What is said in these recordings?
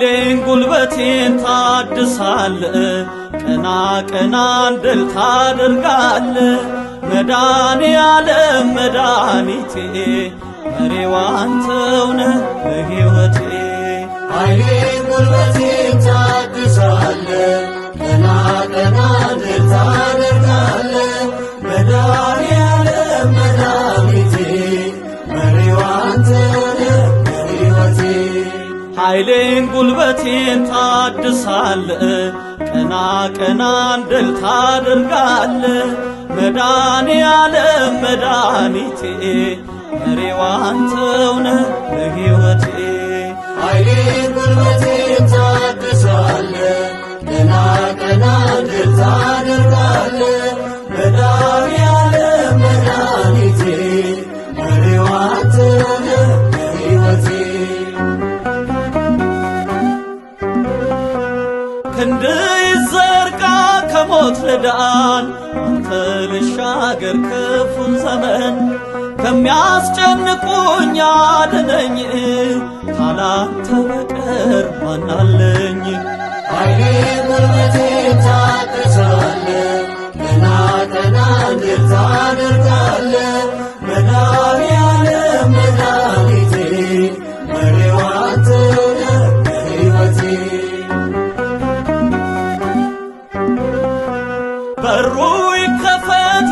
ኃይሌን ጉልበቴን ታድሳል ቀና ቀና እንድል ታደርጋል መዳኔ ያለም መዳኒቴ መሪዋንተውነ በሕይወቴ ኃይሌን ጉልበቴን ታድሳል ቀና ቀና እንድል ታደርጋል መዳኔ ያለም መዳኒቴ መሬዋን ተውነ ለሕይወቴ ክንድ ይዘርጋ ከሞት ልዳን አንተ ልሻገር ክፉን ዘመን ከሚያስጨንቁኝ አድነኝ ካላንተ በቀር ማናለኝ ኃይሌ ጉልበቴ ታግሳለ ቀና ቀና እንድል ታደርጋለ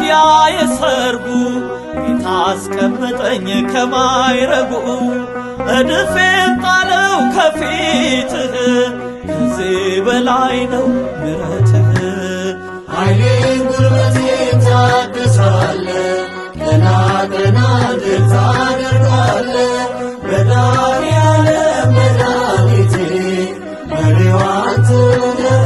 ማደሪያ የሰርጉ ጌታ አስቀመጠኝ ከማይረጉ እድፌን ጣለው ከፊትህ ከዚህ በላይ ነው ምረትህ ኃይሌን ጉልበቴን ታድሳለ ገና ገና ድል ታደርጋለ መድኃኔዓለም መድኃኒቴ መሪዋን